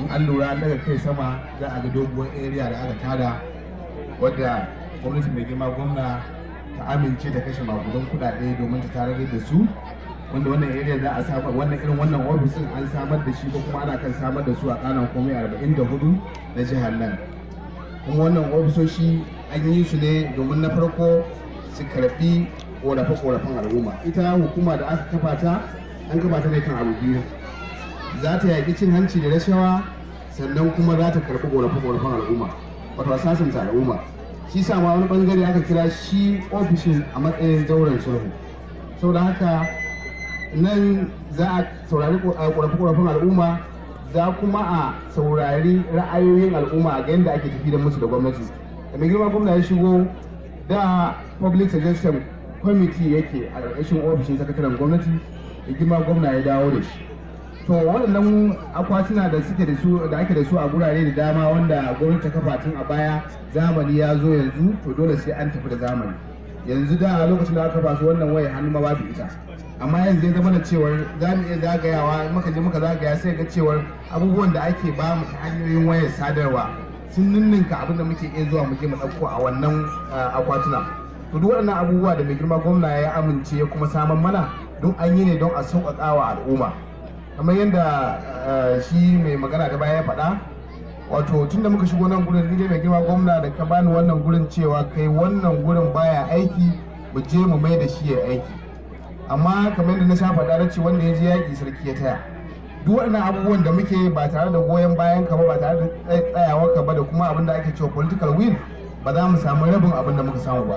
in an lura daga kai sama za a ga doguwar area da aka tada wadda gwamnati mai girma gwamna ta amince ta kashe magudan kudade domin ta tarar da su wanda wannan area za a samar wannan irin wannan ofisin an samar da shi ko kuma ana kan samar da su a kanan komai arba'in da 44 na jihar nan kuma wannan ofisoshi an yi su ne domin na farko su karbi korafe-korafen al'umma ita hukuma da aka kafa ta an kafa ta ne kan abu biyu za ta yaƙi cin hanci da rashawa sannan kuma za ta karɓi ƙorafe-ƙorafen al'umma wato sasanta al'umma shi sa ma wani bangare aka kira shi ofishin a matsayin zauren sulhu saboda haka nan za a saurari ƙorafe-ƙorafen al'umma za kuma a saurari ra'ayoyin al'umma a yadda ake tafi da musu da gwamnati da mai girma gwamna ya shigo da public suggestion committee yake a ƙarƙashin ofishin sakataren gwamnati da girma gwamna ya dawo da shi to waɗannan akwatuna da suke da su da ake da su a gurare da dama wanda gwamnati ta kafa tun a baya zamani ya zo yanzu to dole sai an tafi da zamani yanzu da lokacin da aka kafa su wannan waya hannu ma babu ita amma yanzu ya zama da cewar za mu iya zagayawa muka je muka zagaya sai ga cewar abubuwan da ake ba mu ta hanyoyin wayar sadarwa sun ninninka abin da muke iya zuwa muke mu ɗauko a wannan akwatuna to duk waɗannan abubuwa da mai girma gwamna ya amince ya kuma saman mana don an yi ne don a sauƙaƙa wa al'umma kamar yadda eh, shi mai magana da baya ya faɗa wato tun da muka shigo nan gurin ne mai girma gwamna da ka bani wannan gurin cewa kai wannan gurin baya aiki mu je mu mai da shi ya aiki amma kamar yadda na sha faɗa da ce wanda ya je yaƙi sarki ya taya duk waɗannan abubuwan da muke ba tare da goyon bayan ka ba ba tare da tsayawar ka ba da kuma abin da ake cewa political will ba za mu samu rabin abin da muka samu ba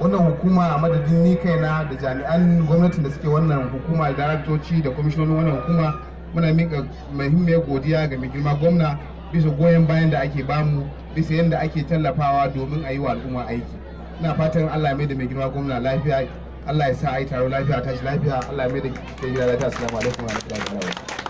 wannan hukuma a madadin ni kaina da jami'an gwamnatin da suke wannan hukuma da daraktoci da kwamishinonin wannan hukuma muna mika muhimmiyar godiya ga mai girma gwamna bisa goyon bayan da ake bamu bisa yadda ake tallafawa domin a yi wa al'umma aiki ina fatan allah mai da mai girma gwamna lafiya allah ya sa a yi taro lafiya tashi lafiya allah mai da ke gida lafiya assalamu wa rahmatullahi wa